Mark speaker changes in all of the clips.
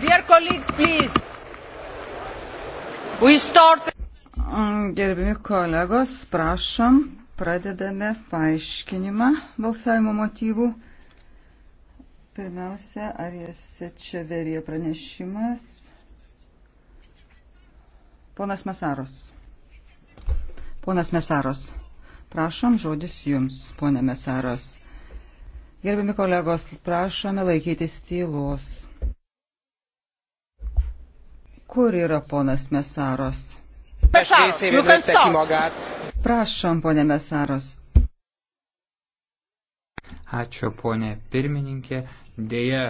Speaker 1: Dear colleagues, please. We start. Mm, Gerbimi kolegos, prašom, pradedame paaiškinimą balsavimo motyvų. Pirmiausia, ar jis čia verė pranešimas? Ponas Mesaros. Ponas Mesaros. Prašom, žodis jums, ponė Mesaros. Gerbiami kolegos, prašome laikytis tylos. Kur yra ponas Mesaros?
Speaker 2: Mesaros,
Speaker 1: Prašom, ponė Mesaros.
Speaker 2: Ačiū, ponė pirmininkė. Deja,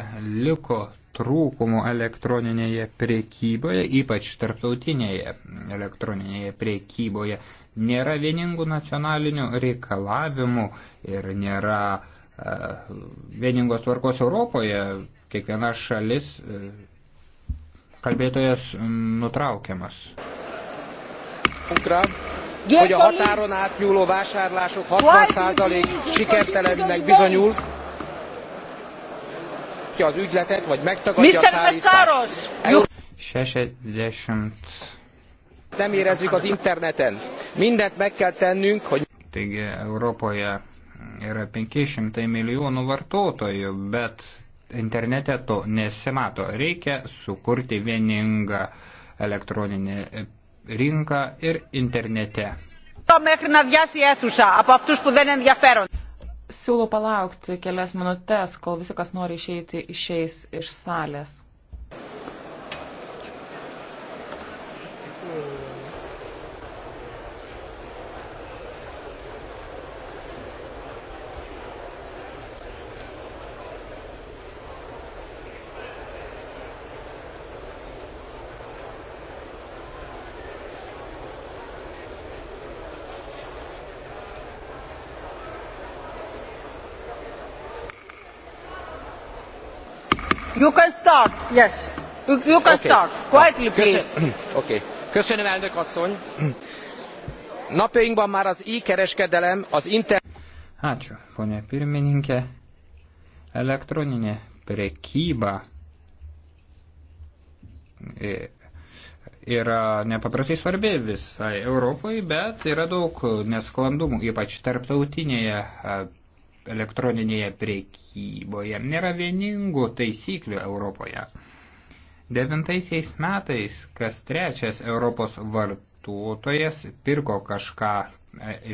Speaker 2: liko trūkumų elektroninėje priekyboje, ypač tarptautinėje elektroninėje priekyboje. Nėra vieningų nacionalinių reikalavimų ir nėra uh, vieningos tvarkos Europoje. Kiekviena šalis uh, Kalbėtojas nutraukiamas. Ukra, hogy a határon átnyúló vásárlások 60% sikertelennek bizonyul, az ügyletet, vagy megtagadja Mr. a szállítást. 60 nem érezzük az interneten. Mindent meg kell tennünk, hogy... Taigi Europoje yra 500 milijonų vartotojų, bet internete to nesimato. Reikia sukurti vieningą elektroninį rinką ir internete.
Speaker 3: Siūlau palaukti kelias minutės, kol visi, kas nori išeiti, išeis iš salės.
Speaker 1: You can start, yes. You, you
Speaker 3: can okay. start.
Speaker 2: Quietly, ah, please. Köszön okay. Köszönöm, elnök asszony. Napjainkban már az e-kereskedelem, az internet... Ačiū, ponė pirmininkė. Elektroninė prekyba yra nepaprastai svarbi visai Europai, bet yra daug nesklandumų, ypač tarptautinėje elektroninėje priekyboje. Nėra vieningų taisyklių Europoje. Devintaisiais metais kas trečias Europos vartotojas pirko kažką e,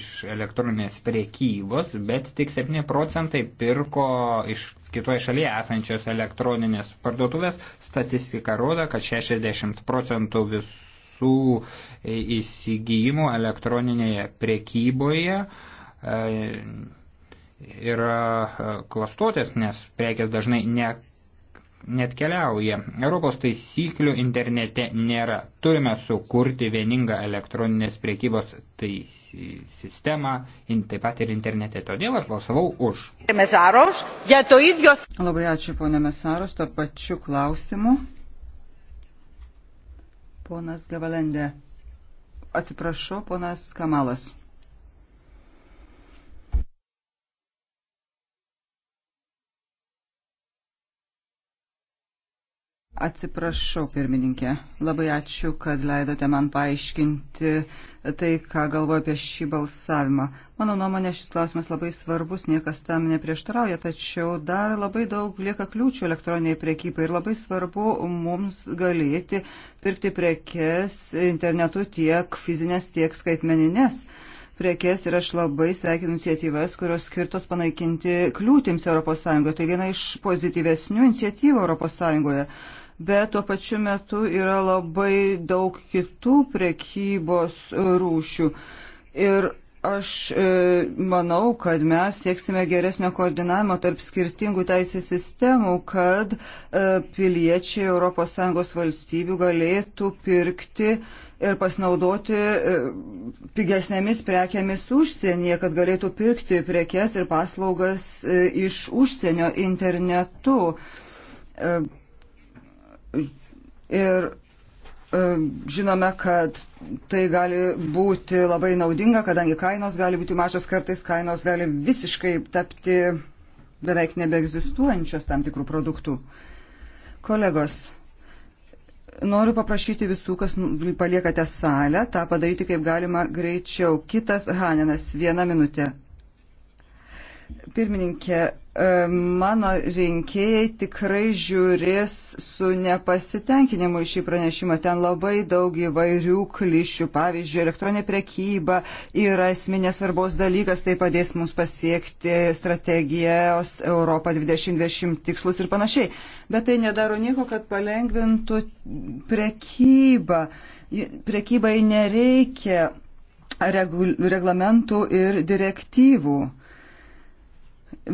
Speaker 2: iš elektroninės priekybos, bet tik 7 procentai pirko iš kitoje šalyje esančios elektroninės parduotuvės. Statistika rodo, kad 60 procentų visų įsigijimų elektroninėje priekyboje e, yra e, klastotės, nes prekės dažnai ne, net keliauja. Europos taisyklių internete nėra. Turime sukurti vieningą elektroninės priekybos tai, sistemą, in, taip pat ir internete. Todėl aš balsavau už.
Speaker 1: Labai ačiū, ponė Mesaros, to pačiu klausimu. Ponas Gavalendė. Atsiprašau, ponas Kamalas. Atsiprašau, pirmininkė. Labai ačiū, kad leidote man paaiškinti tai, ką galvoju apie šį balsavimą. Mano nuomonė, šis klausimas labai svarbus, niekas tam neprieštarauja, tačiau dar labai daug lieka kliūčių elektroniniai priekybai ir labai svarbu mums galėti pirkti prekes internetu tiek fizinės, tiek skaitmeninės prekes ir aš labai sveikinu iniciatyvas, kurios skirtos panaikinti kliūtims ES. Tai viena iš pozityvesnių iniciatyvų ES bet tuo pačiu metu yra labai daug kitų prekybos rūšių. Ir aš e, manau, kad mes sieksime geresnio koordinavimo tarp skirtingų teisės sistemų, kad e, piliečiai ES valstybių galėtų pirkti ir pasinaudoti e, pigesnėmis prekiamis užsienyje, kad galėtų pirkti prekes ir paslaugas iš užsienio internetu Ir e, žinome, kad tai gali būti labai naudinga, kadangi kainos gali būti mažos, kartais kainos gali visiškai tapti beveik nebeegzistuojančios tam tikrų produktų. Kolegos, noriu paprašyti visų, kas paliekate salę, tą padaryti kaip galima greičiau. Kitas Haninas, viena minutė. Pirmininkė, mano rinkėjai tikrai žiūrės su nepasitenkinimu šį pranešimą. Ten labai daug įvairių klišių. Pavyzdžiui, elektroninė prekyba yra esminės svarbos dalykas, tai padės mums pasiekti strategijos Europą 2020 tikslus ir panašiai. Bet tai nedaro nieko, kad palengvintų prekybą. Prekybai nereikia reglamentų ir direktyvų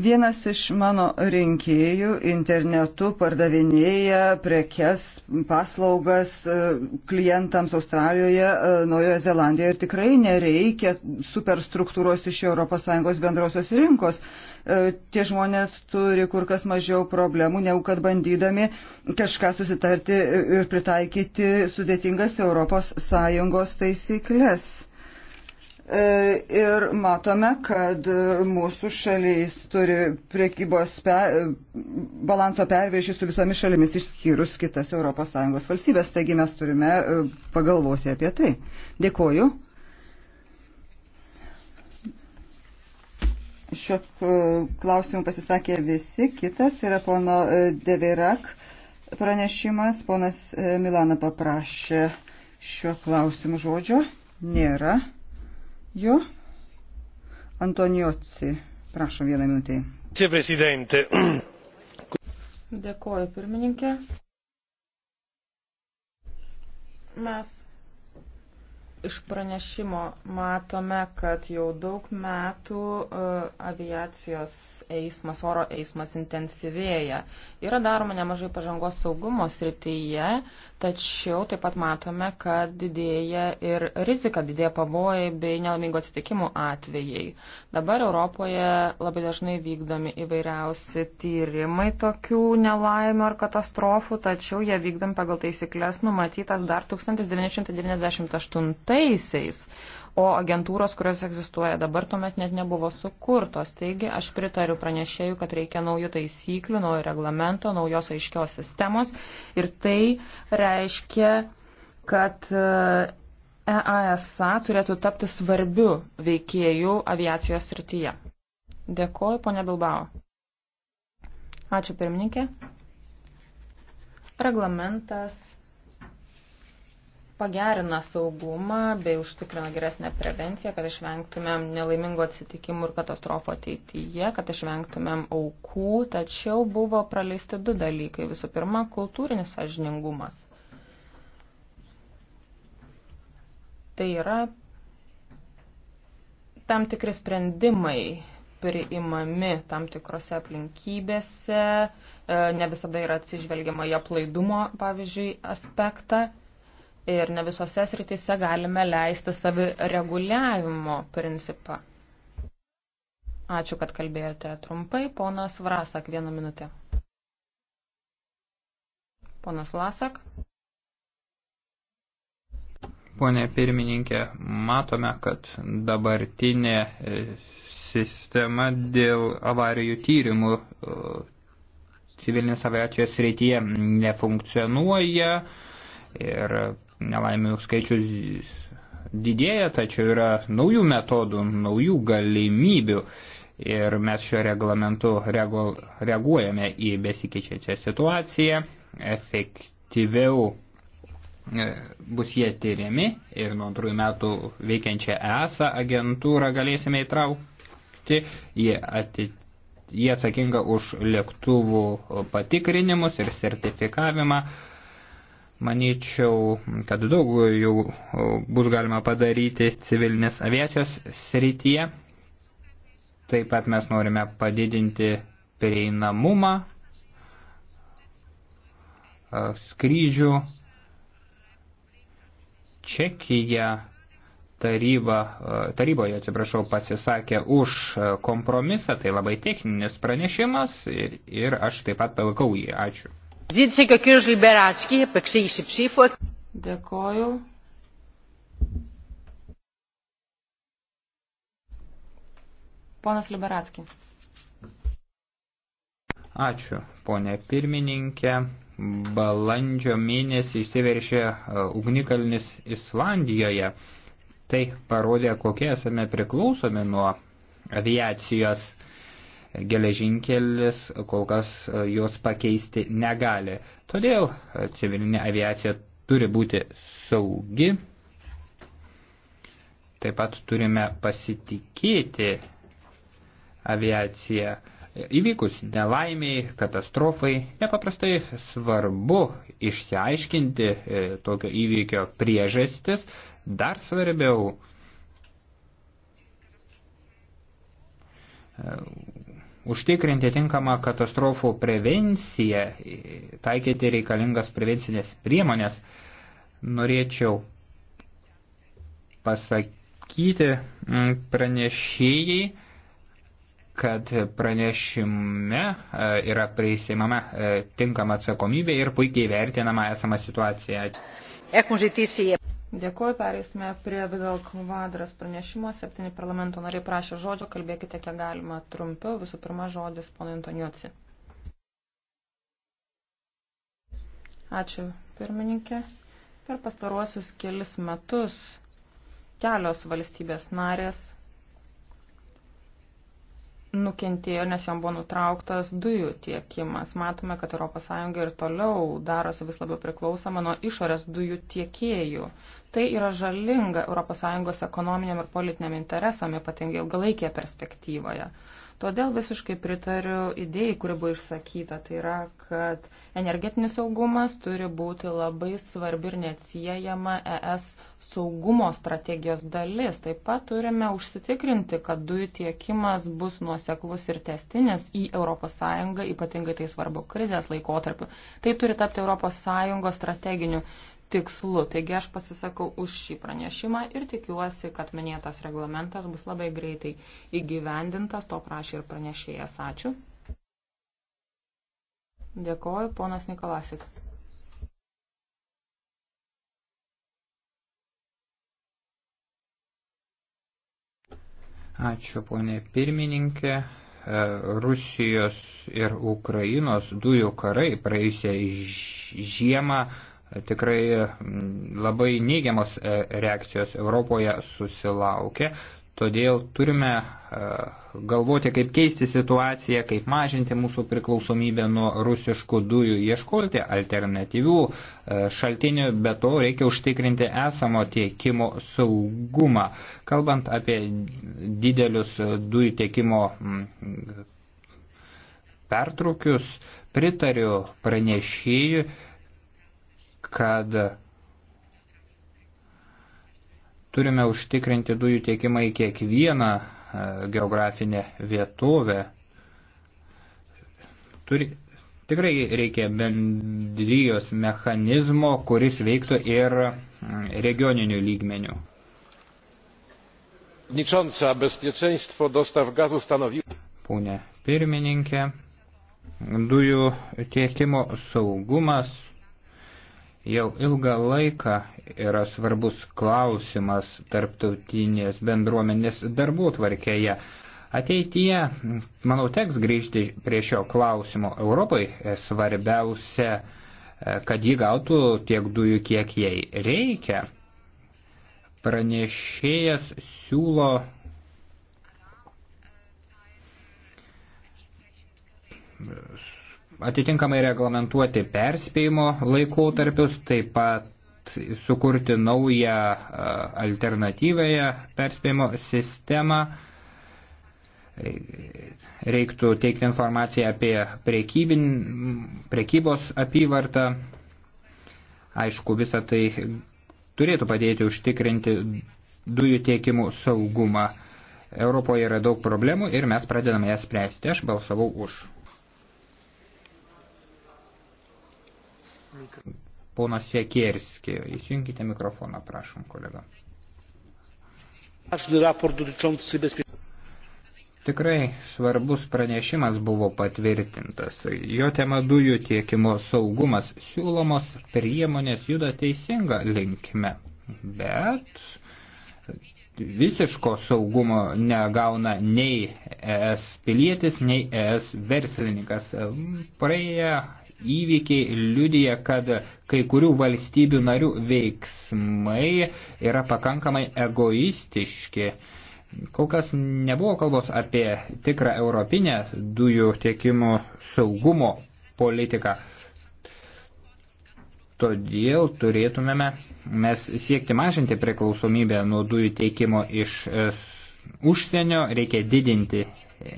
Speaker 1: Vienas iš mano rinkėjų internetu pardavinėja prekes, paslaugas e, klientams Australijoje, e, Naujoje Zelandijoje ir tikrai nereikia superstruktūros iš ES bendrosios rinkos. E, tie žmonės turi kur kas mažiau problemų, negu kad bandydami kažką susitarti ir pritaikyti sudėtingas ES taisyklės E, ir matome, kad mūsų šalis turi priekybos pe, balanso perviršį su visomis šalimis išskyrus kitas ES valstybės, taigi mes turime e, pagalvoti apie tai. Dėkoju. Šiuo e, klausimu pasisakė visi, kitas yra pono Devirak pranešimas, ponas Milana paprašė šiuo klausimu žodžio. Nėra. Jo. Antoniotsi, prašom vieną
Speaker 2: minutę.
Speaker 3: Dėkuoju, pirmininkė. Mes Iš pranešimo matome, kad jau daug metų e, aviacijos eismas, oro eismas intensyvėja. Yra daroma nemažai pažangos saugumo srityje, tačiau taip pat matome, kad didėja ir rizika, didėja pavojai bei nelamingo atsitikimų atvejai. Dabar Europoje labai dažnai vykdomi įvairiausi tyrimai tokių nelaimių ar katastrofų, tačiau jie vykdomi pagal taisyklės numatytas dar 1998 2006-aisiais, o agentūros, kurios egzistuoja dabar, tuomet net nebuvo sukurtos. Taigi aš pritariu pranešėjų, kad reikia naujų taisyklių, naujo reglamento, naujos aiškios sistemos ir tai reiškia, kad EASA e turėtų tapti svarbiu veikėjų aviacijos srityje. Dėkoju, ponia Bilbao. Ačiū pirmininkė. Reglamentas pagerina saugumą bei užtikrina geresnę prevenciją, kad išvengtumėm nelaimingo atsitikimų ir katastrofo ateityje, kad išvengtumėm aukų, tačiau buvo praleisti du dalykai. Visų pirma, kultūrinis sažiningumas. Tai yra tam tikri sprendimai priimami tam tikrose aplinkybėse, e, ne visada yra atsižvelgiama į aplaidumo, pavyzdžiui, aspektą ir ne visose srityse galime leisti savireguliavimo principą. Ačiū, kad kalbėjote trumpai. Ponas Vrasak, vieną minutę. Ponas Vlasak.
Speaker 2: Pone pirmininkė, matome, kad dabartinė e, sistema dėl avarijų tyrimų e, civilinės aviacijos srityje nefunkcionuoja ir nelaimių skaičius didėja, tačiau yra naujų metodų, naujų galimybių ir mes šio reglamentu regu, reaguojame į besikeičiančią situaciją, efektyviau e, bus jie tyriami ir nuo antrųjų metų veikiančią ESA agentūrą galėsime įtraukti, jie atitinka jie atsakinga už lėktuvų patikrinimus ir sertifikavimą. Manyčiau, kad daug jau bus galima padaryti civilinės aviacijos srityje. Taip pat mes norime padidinti prieinamumą skrydžių. Čekija taryba, taryboje atsiprašau, pasisakė už kompromisą, tai labai techninis pranešimas ir aš taip pat palikau jį. Ačiū.
Speaker 3: Dėkoju. Ponas Liberatski.
Speaker 2: Ačiū, ponė pirmininkė. Balandžio mėnesį išsiveršė e, ugnikalnis Islandijoje. Tai parodė, kokie esame priklausomi nuo aviacijos geležinkelis kol kas e, jos pakeisti negali. Todėl e, civilinė aviacija turi būti saugi. Taip pat turime pasitikėti aviaciją. Įvykus nelaimiai, katastrofai, nepaprastai svarbu išsiaiškinti e, tokio įvykio priežastis, dar svarbiau užtikrinti tinkamą katastrofų prevenciją, taikyti reikalingas prevencinės priemonės, norėčiau pasakyti mm, pranešėjai, kad pranešime e, yra prisimama e, tinkama atsakomybė ir puikiai vertinama esama situacija.
Speaker 3: Dėkuoju, pereisime prie Vidal Kvadras pranešimo. Septyni parlamento nariai prašė žodžio, kalbėkite kiek galima trumpiau. Visų pirma, žodis ponui Antoniuci. Ačiū, pirmininkė. Per pastaruosius kelis metus kelios valstybės narės nukentėjo, nes jam buvo nutrauktas dujų tiekimas. Matome, kad ES ir toliau darosi vis labiau priklausoma nuo išorės dujų tiekėjų. Tai yra žalinga ES ekonominiam ir politiniam interesam, ypatingai ilgalaikėje perspektyvoje. Todėl visiškai pritariu idėjai, kuri buvo išsakyta, tai yra, kad energetinis saugumas turi būti labai svarbi ir neatsiejama ES saugumo strategijos dalis. Taip pat turime užsitikrinti, kad dujų tiekimas bus nuoseklus ir testinis į ES, ypatingai tai svarbu krizės laikotarpiu. Tai turi tapti ES strateginiu tikslu. Taigi aš pasisakau už šį pranešimą ir tikiuosi, kad minėtas reglamentas bus labai greitai įgyvendintas. To prašė ir pranešėjas. Ačiū. Dėkoju, ponas Nikolasik.
Speaker 2: Ačiū, ponė pirmininkė. E, Rusijos ir Ukrainos dujų karai praėjusią žiemą tikrai mm, labai neigiamos e, reakcijos Europoje susilaukė. Todėl turime e, galvoti, kaip keisti situaciją, kaip mažinti mūsų priklausomybę nuo rusiškų dujų, ieškoti alternatyvių e, šaltinių, bet to reikia užtikrinti esamo tiekimo saugumą. Kalbant apie didelius dujų tiekimo mm, pertraukius, pritariu pranešėjui kad turime užtikrinti dujų tiekimą į kiekvieną e, geografinę vietovę. Turi, tikrai reikia bendrijos mechanizmo, kuris veiktų ir regioninių lygmenių.
Speaker 4: Nicząca bezpieczeństwo dostaw gazu stanowi.
Speaker 2: Pone pirmininkė, dujų tiekimo saugumas jau ilgą laiką yra svarbus klausimas tarptautinės bendruomenės darbų tvarkėje. Ateityje, manau, teks grįžti prie šio klausimo. Europai svarbiausia, kad ji gautų tiek dujų, kiek jai reikia. Pranešėjas siūlo atitinkamai reglamentuoti perspėjimo laikotarpius, taip pat sukurti naują alternatyvąją perspėjimo sistemą. Reiktų teikti informaciją apie prekybin, prekybos apyvartą. Aišku, visa tai turėtų padėti užtikrinti dujų tiekimų saugumą. Europoje yra daug problemų ir mes pradedame jas spręsti. Aš balsavau už. Ponas Siekierski, įsijunkite mikrofoną, prašom, kolega. Tikrai svarbus pranešimas buvo patvirtintas. Jo tema dujų tiekimo saugumas siūlomos priemonės juda teisinga linkme, bet visiško saugumo negauna nei ES pilietis, nei ES verslininkas. Praėję įvykiai liudija, kad kai kurių valstybių narių veiksmai yra pakankamai egoistiški. Kol kas nebuvo kalbos apie tikrą europinę dujų tiekimo saugumo politiką. Todėl turėtumėme mes siekti mažinti priklausomybę nuo dujų teikimo iš e, užsienio, reikia didinti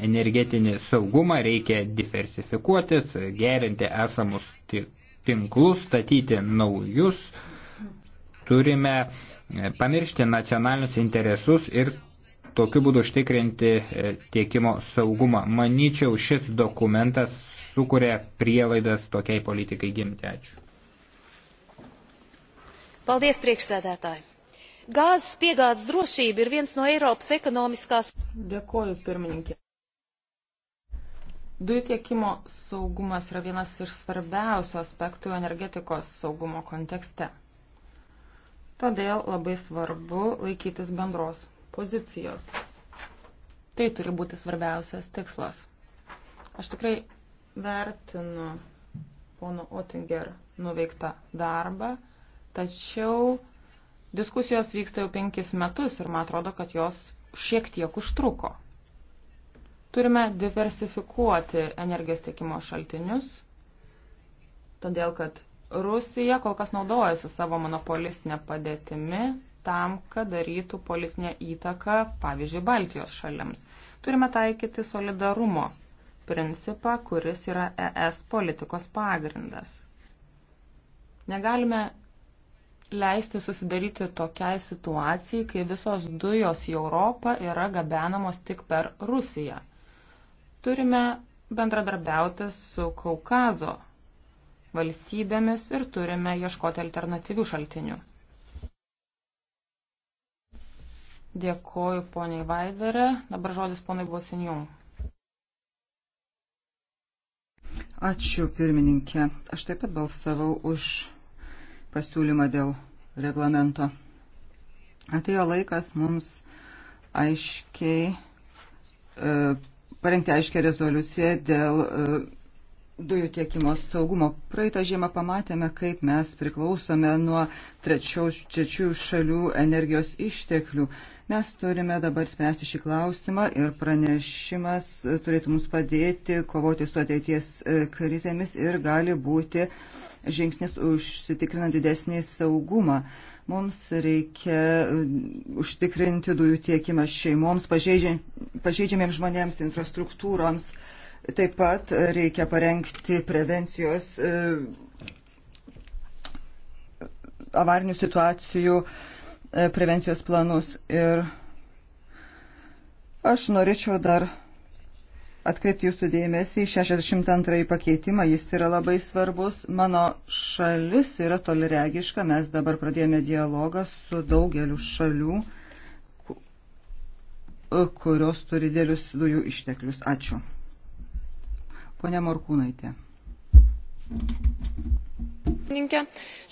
Speaker 2: energetinį saugumą, reikia diversifikuotis, gerinti esamus tinklus, statyti naujus. Turime e, pamiršti nacionalinius interesus ir tokiu būdu užtikrinti e, tiekimo saugumą. Manyčiau, šis dokumentas sukuria prielaidas tokiai politikai gimti. Ačiū.
Speaker 4: Paldies, priekšsēdētāji! Gāzes piegādes drošība ir viens no Eiropas
Speaker 3: ekonomiskās. Dėkoju, pirmininkė. Dujų tiekimo saugumas yra vienas iš svarbiausių aspektų energetikos saugumo kontekste. Todėl labai svarbu laikytis bendros pozicijos. Tai turi būti svarbiausias tikslas. Aš tikrai vertinu pono Otinger nuveiktą darbą, tačiau diskusijos vyksta jau penkis metus ir man atrodo, kad jos šiek tiek užtruko. Turime diversifikuoti energijos tiekimo šaltinius, todėl kad Rusija kol kas naudojasi savo monopolistinę padėtimi tam, kad darytų politinę įtaką, pavyzdžiui, Baltijos šalims. Turime taikyti solidarumo principą, kuris yra ES politikos pagrindas. Negalime leisti susidaryti tokiai situacijai, kai visos dujos į Europą yra gabenamos tik per Rusiją. Turime bendradarbiauti su Kaukazo valstybėmis ir turime ieškoti alternatyvių šaltinių. Dėkoju poniai Vaidarė. Dabar žodis poniai Bosinjų.
Speaker 1: Ačiū pirmininkė. Aš taip pat balsavau už pasiūlymą dėl reglamento. Atėjo laikas mums aiškiai e, parengti aiškę rezoliuciją dėl e, dujų tiekimo saugumo. Praeitą žiemą pamatėme, kaip mes priklausome nuo trečiųjų šalių energijos išteklių. Mes turime dabar spręsti šį klausimą ir pranešimas turėtų mums padėti kovoti su ateities e, krizėmis ir gali būti žingsnis užsitikrinant didesnį saugumą. Uh, Mums reikia uh, užtikrinti dujų tiekimą šeimoms, pažeidžiamiems žmonėms, infrastruktūroms. Taip pat reikia parengti prevencijos uh, avarinių situacijų uh, prevencijos planus. Ir aš norėčiau dar atkreipti jūsų dėmesį į 62 pakeitimą, jis yra labai svarbus. Mano šalis yra toliregiška, mes dabar pradėjome dialogą su daugeliu šalių, e, kurios turi dėlius dujų išteklius. Ačiū. Pone Morkūnaitė. Thank
Speaker 4: you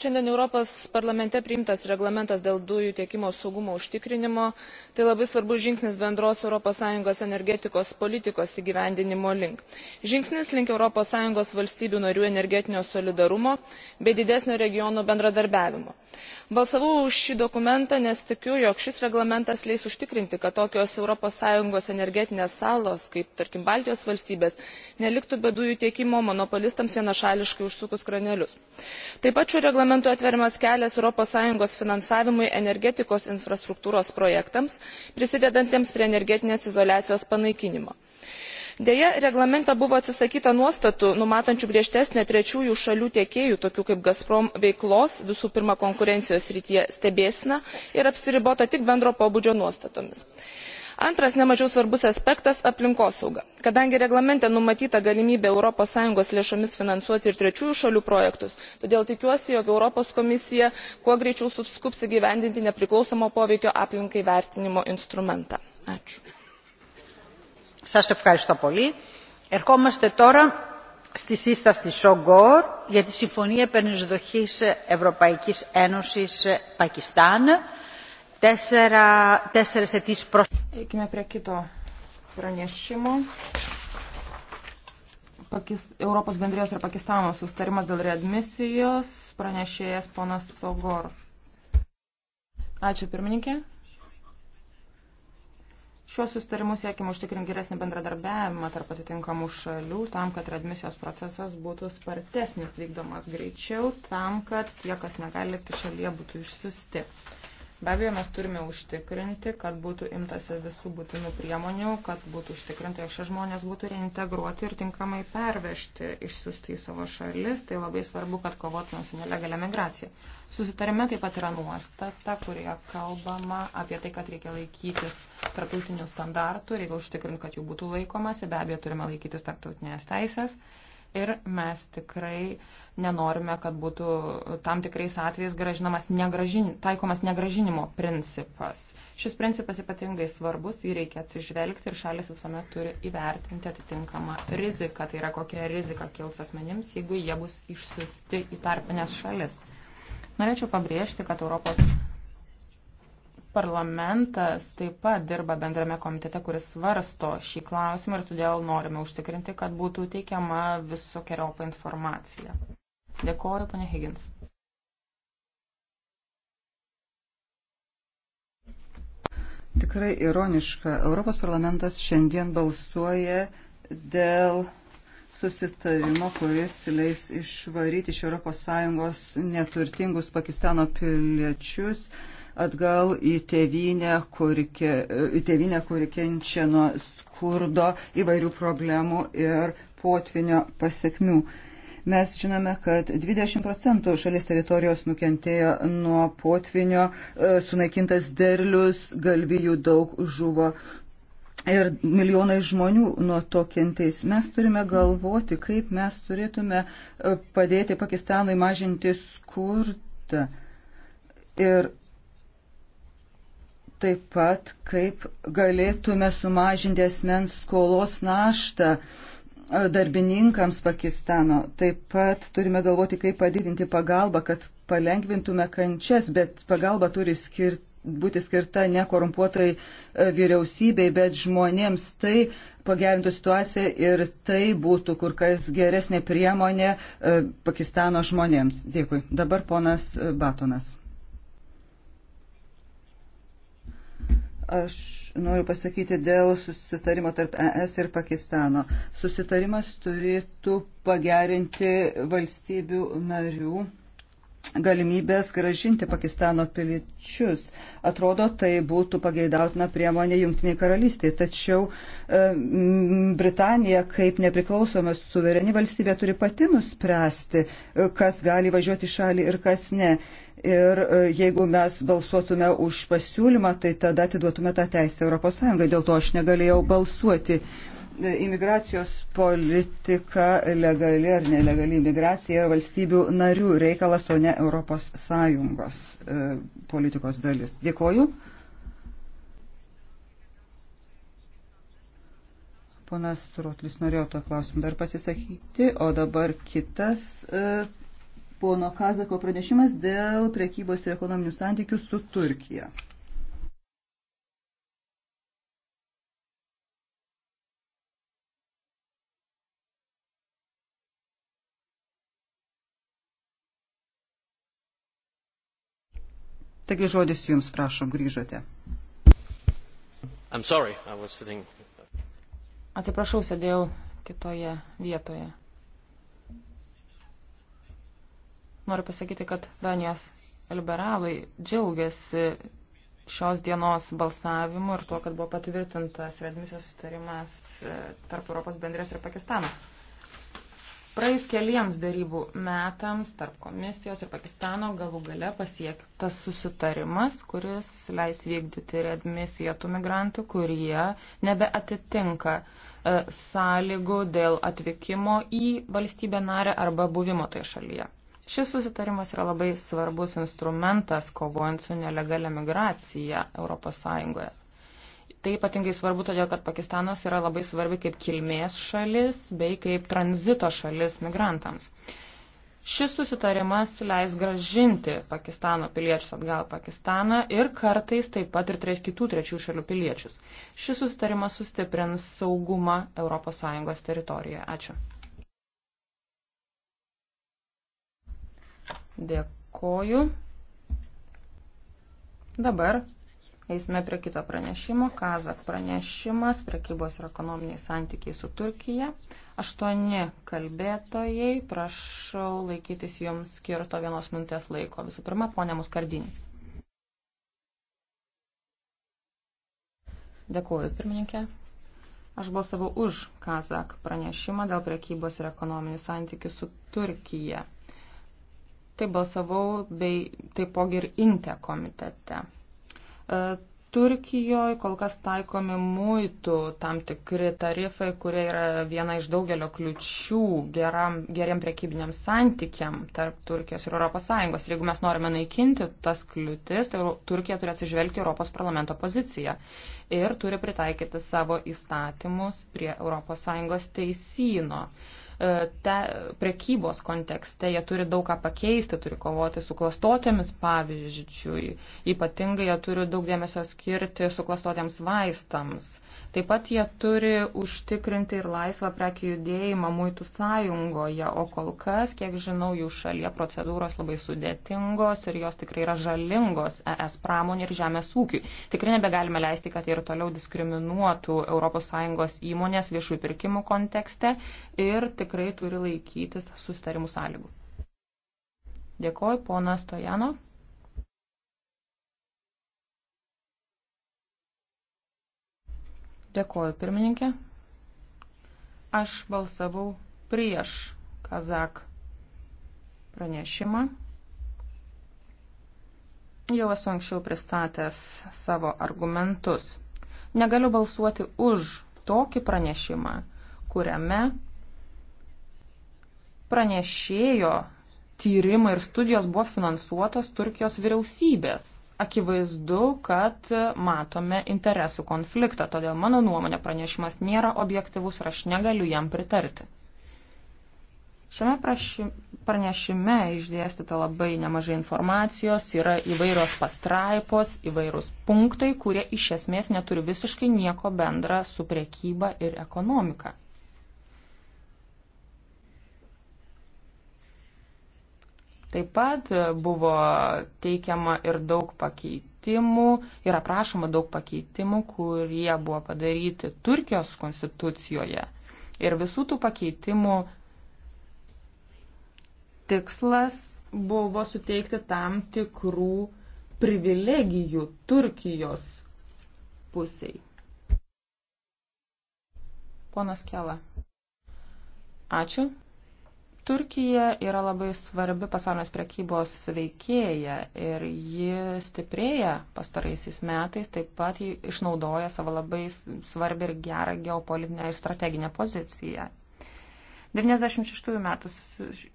Speaker 4: šiandien europos parlamente priimtas reglamentas dėl dujų tiekimo saugumo užtikrinimo tai labai svarbus žingsnis bendros europos sąjungos energetikos politikos įgyvendinimo link žingsnis link europos sąjungos valstybių narių energetinio solidarumo bei didesnio regionų bendradarbiavimo. balsavau už šį dokumentą nes tikiu jog šis reglamentas leis užtikrinti kad tokios europos sąjungos energetinės salos kaip tarkim baltijos valstybės neliktų be dujų tiekimo monopolistams vienašališkai užsukus kranelius taip pat šiuo reglamentu atveriamas kelias europos sąjungos finansavimui energetikos infrastruktūros projektams prisidedantiems prie energetinės izoliacijos panaikinimo. deja reglamente buvo atsisakyta nuostatų numatančių griežtesnę trečiųjų šalių tiekėjų tokių kaip gazprom veiklos visų pirma konkurencijos srityje stebėseną ir apsiribota tik bendro pobūdžio nuostatomis antras nemažiau svarbus aspektas aplinkosauga kadangi reglamente numatyta galimybė europos sąjungos lėšomis finansuoti ir trečiųjų šalių projektus todėl tikiuosi jog europos komisija kuo greičiau suskubs įgyvendinti nepriklausomo poveikio aplinkai vertinimo instrumentą. ερχόμαστε τώρα
Speaker 1: στη σύσταση σογκόρ για τη συμφωνία περισδοχής ευρωπαϊκής ένωσης πακιστάν
Speaker 3: Eikime prie kito pranešimo. Pakis, Europos bendrijos ir Pakistano sustarimas dėl readmisijos, pranešėjas ponas Sogor. Ačiū pirmininkė. Šiuo sustarimu siekim užtikrinti geresnį bendradarbiavimą tarp atitinkamų šalių, tam, kad readmisijos procesas būtų spartesnis vykdomas greičiau, tam, kad tie, kas negali likti šalyje, būtų išsiusti. Be abejo, mes turime užtikrinti, kad būtų imtasi visų būtinų priemonių, kad būtų užtikrinta, jog šie žmonės būtų reintegruoti ir tinkamai pervežti išsiųsti į savo šalis. Tai labai svarbu, kad kovotume su nelegalia migracija. Susitarime taip pat yra nuostata, kurioje kalbama apie tai, kad reikia laikytis tarptautinių standartų, reikia užtikrinti, kad jų būtų laikomasi. Be abejo, turime laikytis tarptautinės teisės ir mes tikrai nenorime, kad būtų tam tikrais atvejais gražinamas negražin, taikomas negražinimo principas. Šis principas ypatingai svarbus, jį reikia atsižvelgti ir šalis visuomet turi įvertinti atitinkamą riziką, tai yra kokia rizika kils asmenims, jeigu jie bus išsiusti į tarpinės šalis. Norėčiau pabrėžti, kad Europos Parlamentas taip pat dirba bendrame komitete, kuris svarsto šį klausimą ir todėl norime užtikrinti, kad būtų teikiama visokiojopa informacija. Dėkuoju, ponė Higgins.
Speaker 1: Tikrai ironiška. Europos parlamentas šiandien balsuoja dėl susitarimo, kuris leis išvaryti iš ES neturtingus Pakistano piliečius. Uh, atgal į tėvynę, kur, ke, į tėvynę, kur kenčia nuo skurdo įvairių problemų ir potvinio pasiekmių. Mes žinome, kad 20 procentų šalies teritorijos nukentėjo nuo potvinio, e, sunaikintas derlius, galvijų daug žuvo ir milijonai žmonių nuo to kentės. Mes turime galvoti, kaip mes turėtume e, padėti Pakistanui mažinti skurdą. Ir taip pat, kaip galėtume sumažinti asmens skolos naštą e, darbininkams Pakistano. Taip pat turime galvoti, kaip padidinti pagalbą, kad palengvintume kančias, bet pagalba turi skirti būti skirta ne korumpuotai e, vyriausybei, bet žmonėms tai pagerintų situaciją ir tai būtų kur kas geresnė priemonė e, Pakistano žmonėms. Dėkui. Dabar ponas Batonas. Aš noriu pasakyti dėl susitarimo tarp ES ir Pakistano. Susitarimas turėtų pagerinti valstybių narių galimybės gražinti Pakistano piliečius. Atrodo, tai būtų pageidautina priemonė Junktiniai karalystiai. Tačiau e, Britanija, kaip nepriklausoma suvereni valstybė, turi pati nuspręsti, e, kas gali važiuoti šalį ir kas ne. Ir e, jeigu mes balsuotume už pasiūlymą, tai tada atiduotume tą teisę ES. Dėl to aš negalėjau balsuoti. E, imigracijos politika, legali ar nelegali imigracija yra valstybių narių reikalas, o ne ES e, politikos dalis. Dėkoju. Ponas Turotlis norėjo to klausimą dar pasisakyti, o dabar kitas pono Kazako pranešimas dėl prekybos ir ekonominių santykių su Turkija. Taigi žodis jums, prašom, grįžote.
Speaker 4: I'm
Speaker 3: sorry, I was sitting...
Speaker 1: Atsiprašau, sėdėjau kitoje vietoje.
Speaker 3: Noriu pasakyti, kad Danijos liberalai džiaugiasi šios dienos balsavimu ir tuo, kad buvo patvirtintas redmisijos sustarimas e, tarp Europos bendrės ir Pakistano. Praėjus keliems darybų metams tarp komisijos ir Pakistano galų gale pasiektas susitarimas, kuris leis vykdyti readmisiją tų migrantų, kurie nebeatitinka e, sąlygų dėl atvykimo į valstybę narę arba buvimo toje šalyje. Šis susitarimas yra labai svarbus instrumentas kovojant su nelegalia migracija ES. Tai ypatingai svarbu todėl, kad Pakistanas yra labai svarbi kaip kilmės šalis bei kaip tranzito šalis migrantams. Šis susitarimas leis gražinti Pakistano piliečius atgal Pakistaną ir kartais taip pat ir tre, kitų trečių šalių piliečius. Šis susitarimas sustiprins saugumą ES teritorijoje. Ačiū. Dėkoju. Dabar eisime prie kito pranešimo. Kazak pranešimas, prekybos ir ekonominiai santykiai su Turkija. Aštuoni kalbėtojai, prašau laikytis jums skirto vienos minutės laiko. Visų pirma, ponė Muskardinė. Dėkuoju, pirmininkė. Aš balsavau už Kazak pranešimą dėl prekybos ir ekonominių santykių su Turkija tai balsavau, bei taipogi ir Inte komitete. E, Turkijoje kol kas taikomi muitų tam tikri tarifai, kurie yra viena iš daugelio kliučių geram, geriam prekybiniam santykiam tarp Turkijos ir ES. Ir jeigu mes norime naikinti tas kliūtis, tai Turkija turi atsižvelgti Europos parlamento poziciją ir turi pritaikyti savo įstatymus prie ES teisino. Uh, E, te, prekybos kontekste. Jie turi daug ką pakeisti, turi kovoti su klastotėmis, pavyzdžiui. Ypatingai jie turi daug dėmesio skirti su klastotėms vaistams. Taip pat jie turi užtikrinti ir laisvą prekių judėjimą muitų sąjungoje, o kol kas, kiek žinau, jų šalyje procedūros labai sudėtingos ir jos tikrai yra žalingos ES pramonė ir žemės ūkiui. Tikrai nebegalime leisti, kad jie ir toliau diskriminuotų ES įmonės viešųjų pirkimų kontekste ir tikrai turi laikytis sustarimų sąlygų. Dėkoju, ponas Stojano. Dėkoju, pirmininkė. Aš balsavau prieš Kazak pranešimą. Jau esu anksčiau pristatęs savo argumentus. Negaliu balsuoti už tokį pranešimą, kuriame pranešėjo tyrimai ir studijos buvo finansuotos Turkijos vyriausybės akivaizdu, kad matome interesų konfliktą, todėl mano nuomonė pranešimas nėra objektivus ir aš negaliu jam pritarti. Šiame pranešime išdėstyta labai nemažai informacijos, yra įvairios pastraipos, įvairūs punktai, kurie iš esmės neturi visiškai nieko bendra su priekyba ir ekonomika. Taip pat e, buvo teikiama ir daug pakeitimų, yra prašoma daug pakeitimų, kurie buvo padaryti Turkijos konstitucijoje. Ir visų tų pakeitimų tikslas buvo suteikti tam tikrų privilegijų Turkijos pusiai. Ponas Kela. Ačiū. Turkija yra labai svarbi pasaulinės prekybos veikėja ir ji stiprėja pastaraisiais metais, taip pat ji išnaudoja savo labai svarbią ir gerą geopolitinę ir strateginę poziciją 96 metų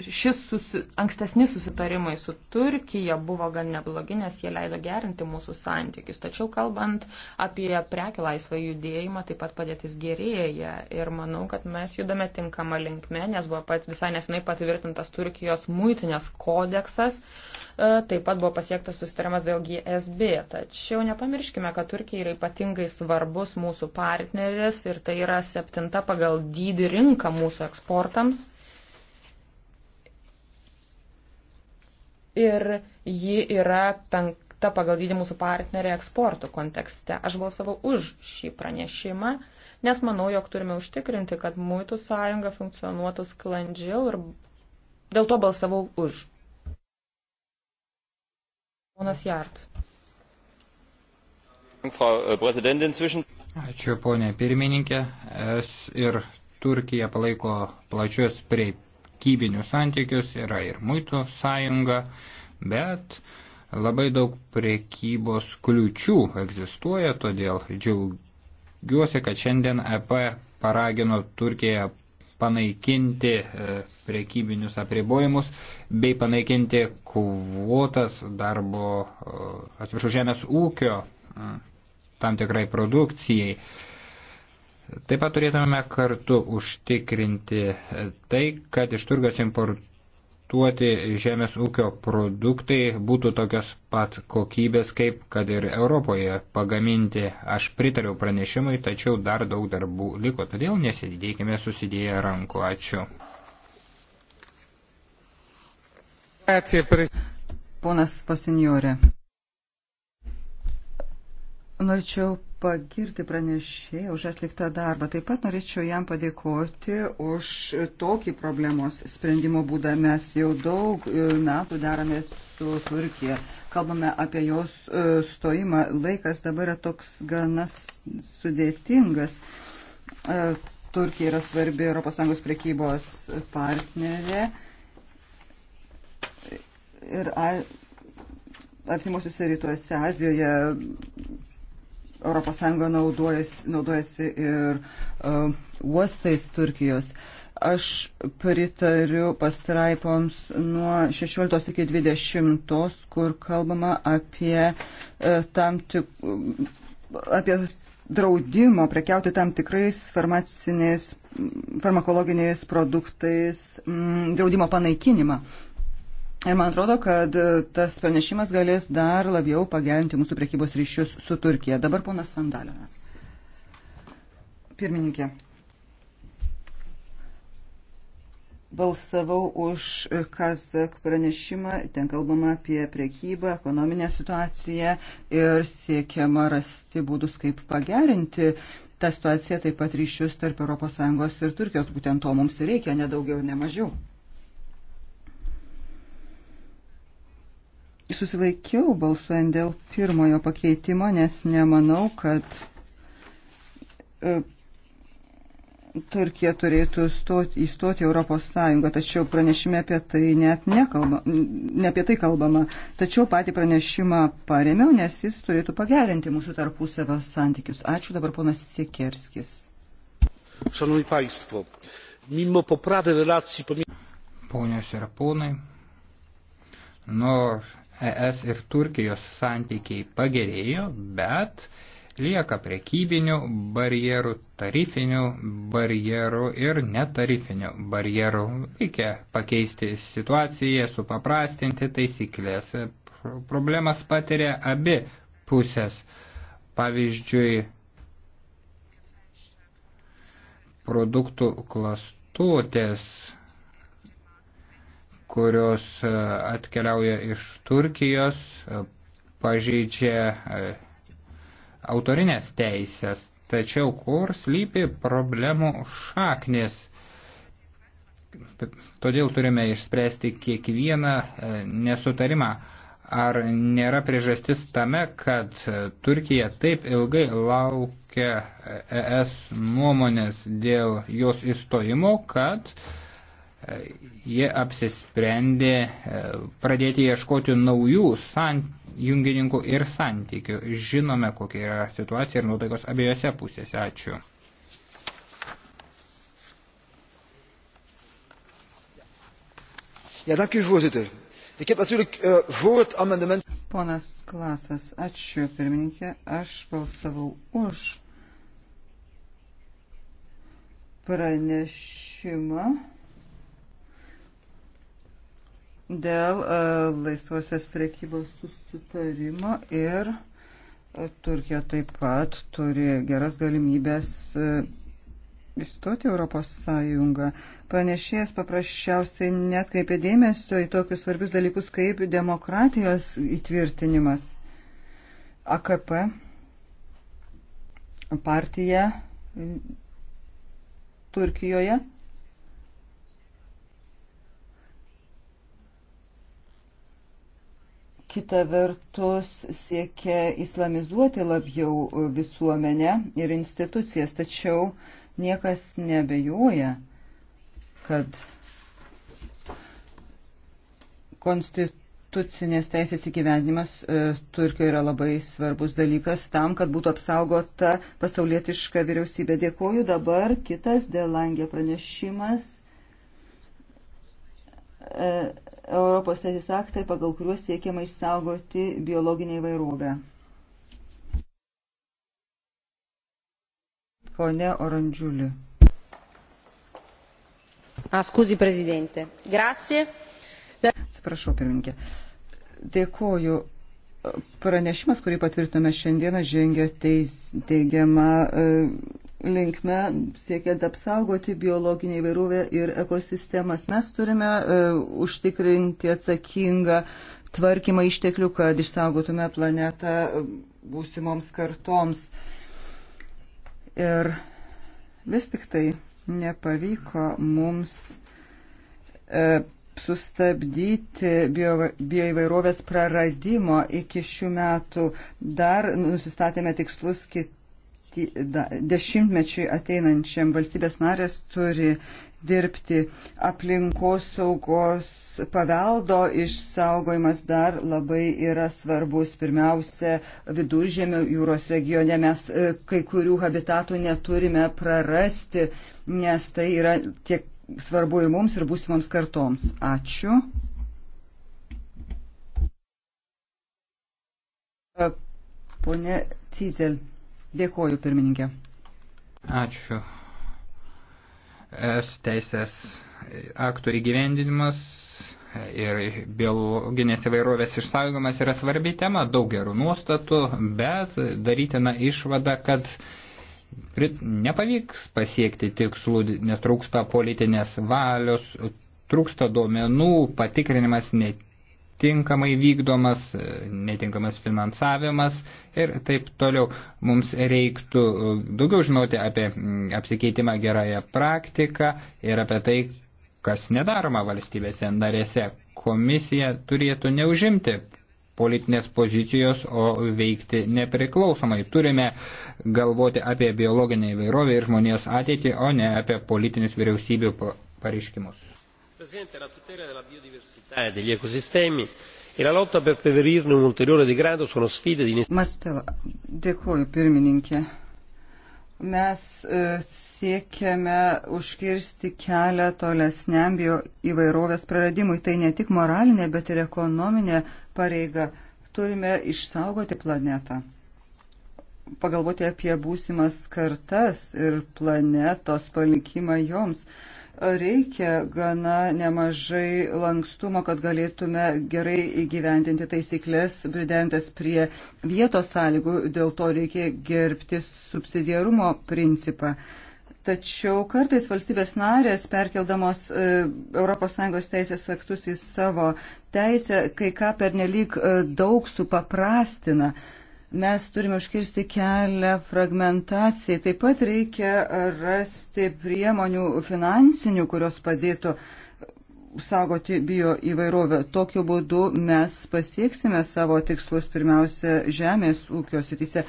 Speaker 3: šis susi, ankstesni susitarimai su Turkija buvo gan neblogi, nes jie leido gerinti mūsų santykius. Tačiau kalbant apie prekių laisvą judėjimą, taip pat padėtis gerėja ir manau, kad mes judame tinkamą linkmę, nes buvo pat, visai nesinai patvirtintas Turkijos muitinės kodeksas, e, taip pat buvo pasiektas susitarimas dėl GSB. Tačiau nepamirškime, kad Turkija yra ypatingai svarbus mūsų partneris ir tai yra septinta pagal dydį rinka mūsų eksporto importams. Ir ji yra penkta pagal dydį mūsų partnerė eksportų kontekste. Aš balsavau už šį pranešimą, nes manau, jog turime užtikrinti, kad muitų sąjunga funkcionuotų sklandžiau ir dėl to balsavau už. Ponas Jart. Frau äh, Präsidentin, zwischen
Speaker 2: Ačiū, ponė pirmininkė. Es ir Turkija palaiko plačius priekybinius santykius, yra ir muitų sąjunga, bet labai daug priekybos kliučių egzistuoja, todėl džiaugiuosi, kad šiandien EP paragino Turkiją panaikinti e, priekybinius apribojimus bei panaikinti kvotas darbo, e, atsiprašau, žemės ūkio tam tikrai produkcijai. Taip pat turėtume kartu užtikrinti tai, kad iš Turgos importuoti žemės ūkio produktai būtų tokios pat kokybės, kaip kad ir Europoje pagaminti. Aš pritariau pranešimui, tačiau dar daug darbų liko, todėl nesidėkime susidėję rankų. Ačiū.
Speaker 1: Ponas Pasinjorė. Norėčiau pagirti pranešėją už atliktą darbą. Taip pat norėčiau jam padėkoti už tokį problemos sprendimo būdą. Mes jau daug e, metų deramės su Turkija. Kalbame apie jos e, stojimą. Laikas dabar yra toks ganas sudėtingas. E, Turkija yra svarbi ES prekybos partnerė. Ir artimuosiuose rytuose Azijoje ES naudojasi, naudojasi ir uh, uostais Turkijos. Aš pritariu pastraipoms nuo 16 iki 20, kur kalbama apie, uh, tam tik, uh, apie draudimo prekiauti tam tikrais farmakologiniais produktais, mm, draudimo panaikinimą. Ir man atrodo, kad e, tas pranešimas galės dar labiau pagerinti mūsų prekybos ryšius su Turkija. Dabar ponas Vandalinas. Pirmininkė. Balsavau už Kazak pranešimą, ten kalbama apie prekybą, ekonominę situaciją ir siekiama rasti būdus, kaip pagerinti tą situaciją, taip pat ryšius tarp ES ir Turkijos. Būtent to mums reikia, nedaugiau ir nemažiau. Ne Susilaikiau balsuojant dėl pirmojo pakeitimo, nes nemanau, kad e, Turkija turėtų stoti, įstoti Europos Sąjungą, tačiau pranešime apie tai net nekalba, ne apie tai kalbama. Tačiau patį
Speaker 2: pranešimą
Speaker 1: paremiau, nes jis turėtų pagerinti mūsų tarpusavio santykius. Ačiū dabar ponas
Speaker 2: Sikerskis. Šanui Paistvo, mimo popravę relacijų. Ponios ir ponai, nors ES ir Turkijos santykiai pagerėjo, bet lieka prekybinių barjerų, tarifinių barjerų ir netarifinių barjerų. Reikia pakeisti situaciją, supaprastinti taisyklės. Problemas patiria abi pusės. Pavyzdžiui, produktų klastotės kurios e, atkeliauja iš Turkijos, e, pažeidžia e, autorinės teisės. Tačiau kur slypi problemų šaknis? Todėl turime išspręsti kiekvieną nesutarimą. Ar nėra priežastis tame, kad Turkija taip ilgai laukia ES nuomonės dėl jos įstojimo, kad uh, jie apsisprendė e, pradėti ieškoti naujų san, jungininkų ir santykių. Žinome, kokia yra situacija ir nuotaikos abiejose pusėse. Ačiū.
Speaker 1: Ja, dank u voorzitter. Ik heb natuurlijk uh, voor het amendement. Ponas Klasas, ačiū pirmininkė, aš balsavau už pranešimą dėl e, laisvosios prekybos susitarimo ir e, Turkija taip pat turi geras galimybės e, įstoti Europos Sąjungą. Pranešėjas paprasčiausiai netkreipė dėmesio į tokius svarbius dalykus kaip demokratijos įtvirtinimas. AKP partija Turkijoje kita vertus siekia islamizuoti labiau visuomenę ir institucijas, tačiau niekas nebejoja, kad konstitucinės teisės įgyvendimas e, Turkijoje yra labai svarbus dalykas tam, kad būtų apsaugota pasaulietiška vyriausybė. Dėkuoju dabar kitas dėl langė pranešimas E, Europos teisės aktai, pagal kuriuos siekiama išsaugoti biologinę įvairovę. Pone Oranžiulį. Askuzi, ah, prezidentė. Grazie. Atsiprašau, pirmininkė. Dėkoju. Pranešimas, kurį patvirtiname šiandieną, žengia teigiamą e, linkme, siekiant apsaugoti biologinį įvairovę ir ekosistemas. Mes turime e, užtikrinti atsakingą tvarkymą išteklių, kad išsaugotume planetą e, būsimoms kartoms. Ir vis tik tai nepavyko mums e, sustabdyti bioįvairovės bio praradimo iki šių metų. Dar nusistatėme tikslus kit, dešimtmečiui ateinančiam valstybės narės turi dirbti aplinkos saugos paveldo išsaugojimas dar labai yra svarbus. Pirmiausia, viduržėmio jūros regione mes e, kai kurių habitatų neturime prarasti, nes tai yra tiek svarbu ir mums, ir būsimoms kartoms. Ačiū. E, pone Cizel. Dėkoju, pirmininkė.
Speaker 2: Ačiū. Es teisės aktų įgyvendinimas ir biologinės įvairovės išsaugomas yra svarbi tema, daug gerų nuostatų, bet darytina išvada, kad nepavyks pasiekti tikslų, nes trūksta politinės valios, trūksta duomenų, patikrinimas net tinkamai vykdomas, e, netinkamas finansavimas ir taip toliau. Mums reiktų e, daugiau žinoti apie apsikeitimą gerąją praktiką ir apie tai, kas nedaroma valstybėse narėse. Komisija turėtų neužimti politinės pozicijos, o veikti nepriklausomai. Turime galvoti apie biologinę įvairovę ir žmonijos ateitį, o ne apie politinius vyriausybių pareiškimus presente la tutela della biodiversità e degli ecosistemi e la lotta per prevenirne un ulteriore degrado sono sfide di Mastela,
Speaker 1: dėkuoju pirmininkė. Mes e, siekiame užkirsti kelią tolesniam bio įvairovės praradimui. Tai ne tik moralinė, bet ir ekonominė pareiga. Turime išsaugoti planetą. Pagalvoti apie būsimas kartas ir planetos palikimą joms. E, reikia gana nemažai lankstumo, kad galėtume gerai įgyvendinti taisyklės, pridentas prie vietos sąlygų, dėl to reikia gerbti subsidiarumo principą. Tačiau kartais valstybės narės, perkeldamos e, ES teisės aktus į savo teisę, kai ką pernelyg e, daug supaprastina. E, Mes turime užkirsti kelią fragmentacijai. Taip pat reikia rasti priemonių finansinių, kurios padėtų saugoti bio įvairovę. Tokiu būdu mes pasieksime savo tikslus pirmiausia žemės ūkio sitise.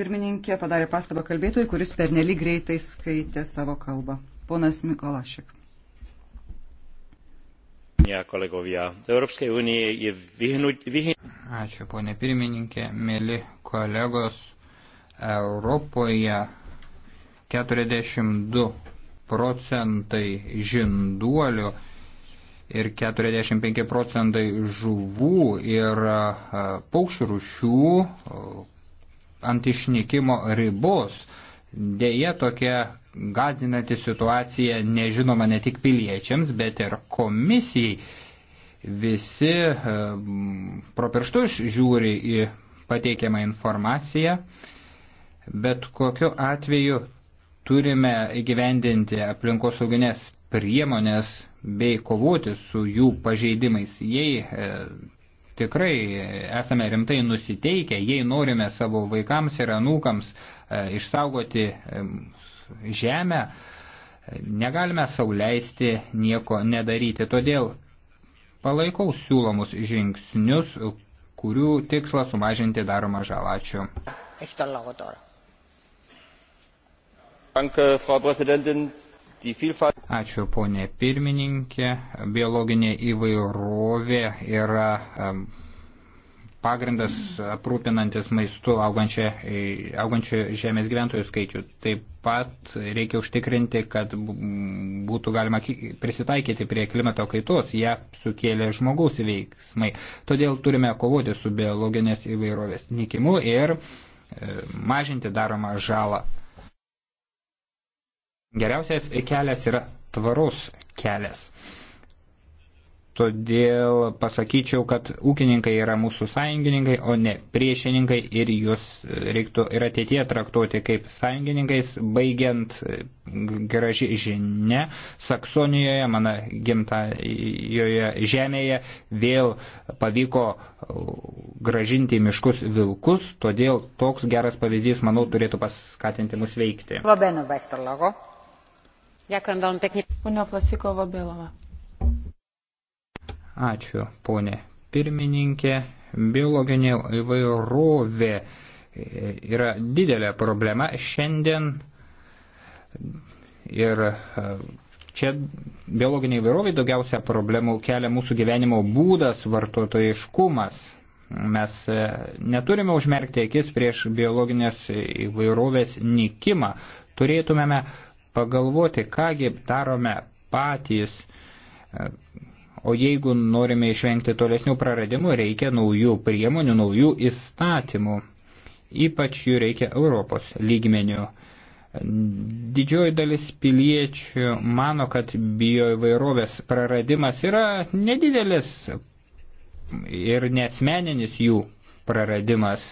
Speaker 1: Pirmininkė padarė pastabą kalbėtojui, kuris pernelyg greitai skaitė savo kalbą. Ponas Mikolašik.
Speaker 2: Ačiū, ponė pirmininkė, mėly kolegos. Europoje 42 procentai žinduolių ir 45 procentai žuvų ir paukščių rūšių ant išnykimo ribos. Deja, tokia gazinanti situacija nežinoma ne tik piliečiams, bet ir komisijai. Visi e, pro pirštus žiūri į pateikiamą informaciją, bet kokiu atveju turime įgyvendinti aplinkosauginės priemonės bei kovoti su jų pažeidimais. Jei e, tikrai esame rimtai nusiteikę, jei norime savo vaikams ir anūkams e, išsaugoti žemę, negalime sauliaisti nieko nedaryti. Todėl palaikau siūlomus žingsnius, kurių tikslas sumažinti daromą žalą. Ačiū. Äh, Ačiū, ponė pirmininkė. Biologinė įvairovė yra pagrindas aprūpinantis maistu augančią, augančią žemės gyventojų skaičių. Taip pat reikia užtikrinti, kad būtų galima prisitaikyti prie klimato kaitos, ją sukėlė žmogaus veiksmai. Todėl turime kovoti su biologinės įvairovės nikimu ir e, mažinti daromą žalą. Geriausias kelias yra tvarus kelias. Todėl pasakyčiau, kad ūkininkai yra mūsų sąjungininkai, o ne priešininkai ir juos reiktų ir ateitie traktuoti kaip sąjungininkais. Baigiant graži žinia, Saksonijoje, mano gimtajoje žemėje, vėl pavyko gražinti miškus vilkus, todėl toks geras pavyzdys, manau, turėtų paskatinti mus veikti.
Speaker 3: Pone Plasiko Vabėlova.
Speaker 2: Ačiū, ponė pirmininkė. Biologinė įvairovė e, yra didelė problema šiandien ir e, čia biologiniai įvairoviai daugiausia problemų kelia mūsų gyvenimo būdas, vartotojiškumas. Mes e, neturime užmerkti akis prieš biologinės įvairovės nikimą. Turėtumėme pagalvoti, kągi darome patys, O jeigu norime išvengti tolesnių praradimų, reikia naujų priemonių, naujų įstatymų. Ypač jų reikia Europos lygmenių. Didžioji dalis piliečių mano, kad bioįvairovės praradimas yra nedidelis ir nesmeninis jų praradimas.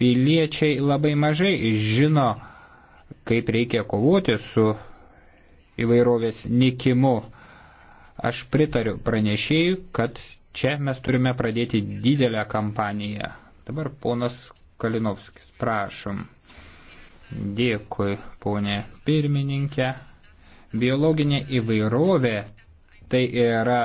Speaker 2: Piliečiai labai mažai žino, kaip reikia kovoti su įvairovės nikimu. Aš pritariu pranešėjui, kad čia mes turime pradėti didelę kampaniją. Dabar ponas Kalinovskis, prašom. Dėkui, ponė pirmininkė. Biologinė įvairovė tai yra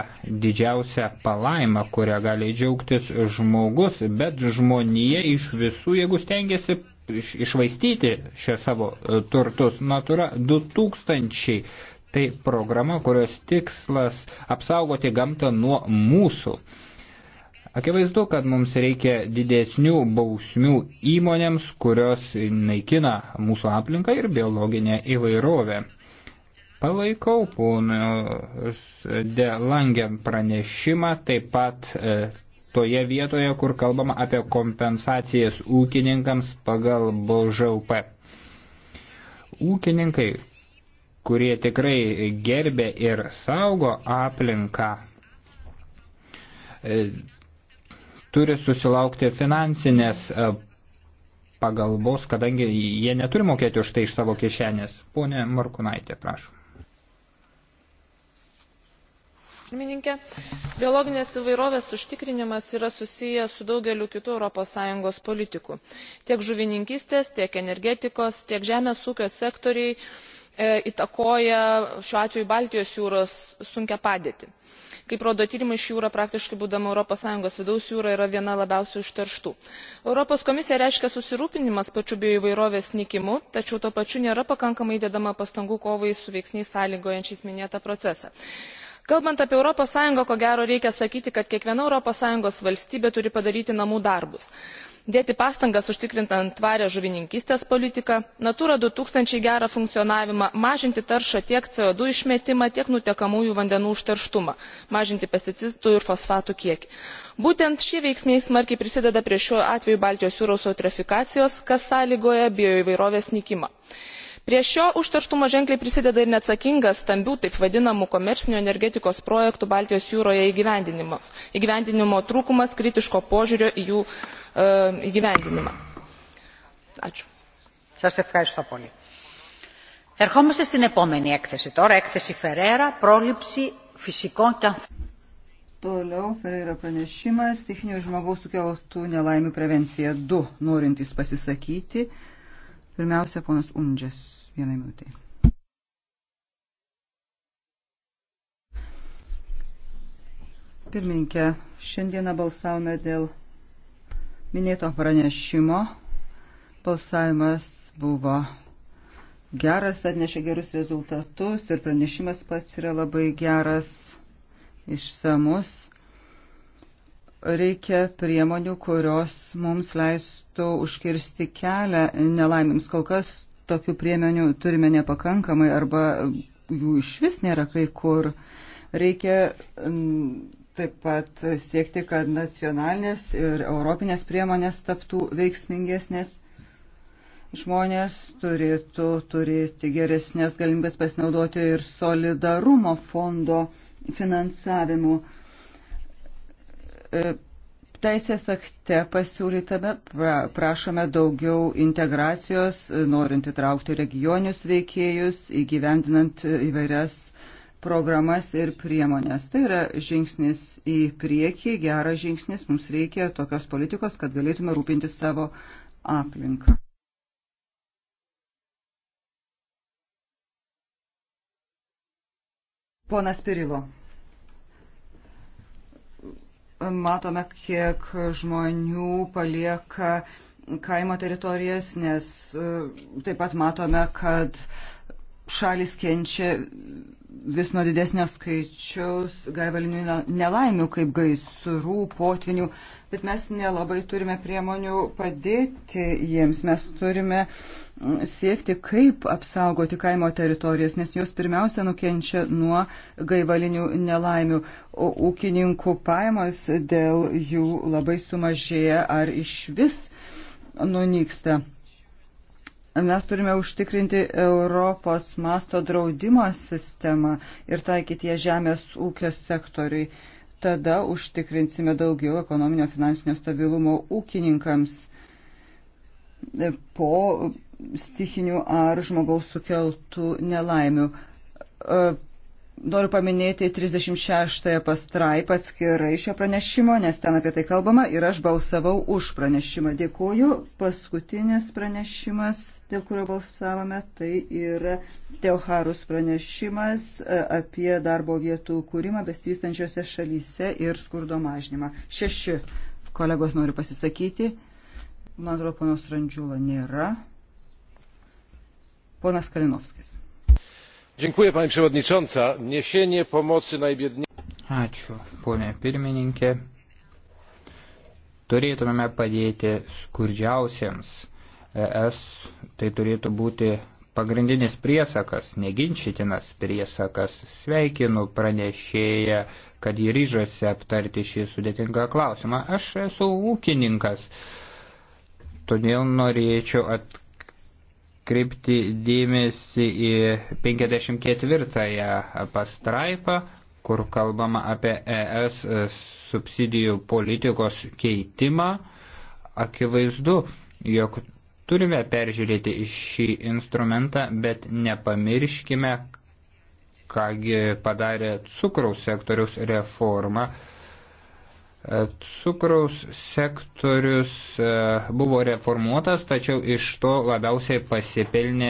Speaker 2: didžiausia palaima, kurią gali džiaugtis žmogus, bet žmonija iš visų, jeigu stengiasi išvaistyti šią savo e, turtus, natura 2000 Tai programa, kurios tikslas apsaugoti gamtą nuo mūsų. Akivaizdu, kad mums reikia didesnių bausmių įmonėms, kurios naikina mūsų aplinką ir biologinę įvairovę. Palaikau ponus De Langen pranešimą, taip pat e, toje vietoje, kur kalbama apie kompensacijas ūkininkams pagal BŽUP. Ūkininkai kurie tikrai gerbė ir saugo aplinką, e, turi susilaukti finansinės e, pagalbos, kadangi jie neturi mokėti už tai iš savo kišenės. Pone Markunaitė, prašom.
Speaker 4: Pirmininkė, biologinės įvairovės užtikrinimas yra susijęs su daugeliu kitų ES politikų. Tiek žuvininkystės, tiek energetikos, tiek žemės ūkio sektoriai E, įtakoja šiuo atveju baltijos jūros sunkią padėtį. kaip rodo tyrimai ši jūra praktiškai būdama europos sąjungos vidaus jūra yra viena labiausiai užterštų. europos komisija reiškia susirūpinimą sparčiu bioįvairovės nykimu tačiau tuo pačiu nėra pakankamai įdedama pastangų kovai su veiksniais sąlygojančiais minėtą procesą. kalbant apie europos sąjungą ko gero reikia sakyti kad kiekviena europos sąjungos valstybė turi padaryti namų darbus dėti pastangas užtikrinant tvarią žuvininkystės politiką natūra du tūkstančiai gerą funkcionavimą mažinti taršą tiek co du išmetimą tiek nutekamųjų vandenų užterštumą mažinti pesticidų ir fosfatų kiekį. būtent šie veiksniai smarkiai prisideda prie šiuo atveju baltijos jūros eutrofikacijos kas sąlygoja bioįvairovės nykimą prie šio užterštumo ženkliai prisideda ir neatsakingas stambių taip vadinamų komercinių energetikos projektų baltijos jūroje įgyvendinimo trūkumas kritiško požiūrio į jų e, įgyvendinimą. Ačiū. Σας ευχαριστώ
Speaker 2: πολύ.
Speaker 3: Ερχόμαστε στην επόμενη έκθεση τώρα, έκθεση Φερέρα, πρόληψη φυσικών
Speaker 1: και ανθρώπων. Toliau Ferreira pranešimas, stichinio žmogaus sukeltų nelaimių prevencija 2, norintys pasisakyti. Pirmiausia, ponas Undžes. Vienai minutė. Pirminkė, šiandieną balsavome dėl minėto pranešimo. Balsavimas buvo geras, atnešė gerus rezultatus ir pranešimas pats yra labai geras, išsamus reikia priemonių, kurios mums leistų užkirsti kelią nelaimėms. Kol kas tokių priemonių turime nepakankamai arba jų iš vis nėra kai kur. Reikia taip pat siekti, kad nacionalinės ir europinės priemonės taptų veiksmingesnės. Žmonės turėtų turėti geresnės galimybės pasinaudoti ir solidarumo fondo finansavimu e, Teisės akte pasiūlytame prašome daugiau integracijos, norint įtraukti regionius veikėjus, įgyvendinant įvairias programas ir priemonės. Tai yra žingsnis į priekį, geras žingsnis, mums reikia tokios politikos, kad galėtume rūpinti savo aplinką. Ponas Pirilo matome, kiek žmonių palieka kaimo teritorijas, nes e, taip pat matome, kad šalis kenčia vis nuo didesnio skaičiaus gaivalinių nelaimių, kaip gaisrų, potvinių bet mes nelabai turime priemonių padėti jiems. Mes turime mm, siekti, kaip apsaugoti kaimo teritorijas, nes jos pirmiausia nukenčia nuo gaivalinių nelaimių. O ūkininkų pajamos dėl jų labai sumažėja ar iš vis nunyksta. Mes turime užtikrinti Europos masto draudimo sistemą ir taikyti ją žemės ūkio sektoriui tada užtikrinsime daugiau ekonominio finansinio stabilumo ūkininkams po stichinių ar žmogaus sukeltų nelaimių. E, Noriu paminėti 36 pastraipą atskirai šio pranešimo, nes ten apie tai kalbama ir aš balsavau už pranešimą. Dėkuoju. Paskutinis pranešimas, dėl kurio balsavome, tai yra Teoharus pranešimas e, apie darbo vietų kūrimą bestystančiose šalyse ir skurdo mažnymą. Šeši kolegos noriu pasisakyti. Man atrodo, ponos Randžiulo nėra. Ponas Kalinovskis pani przewodnicząca! niesienie pomocy najbiedniejszym
Speaker 2: turėtumėme padėti skurdžiausiems es tai turėtų būti pagrindinis priesakas neginčytinas priesakas sveikinu pranešėją kad ji ryžosi aptarti šį sudėtingą klausimą aš esu ūkininkas todėl norėčiau at kreipti dėmesį į 54 pastraipą, kur kalbama apie ES subsidijų politikos keitimą. Akivaizdu, jog turime peržiūrėti šį instrumentą, bet nepamirškime, kągi padarė cukraus sektoriaus reforma E, cukraus sektorius e, buvo reformuotas, tačiau iš to labiausiai pasipelnė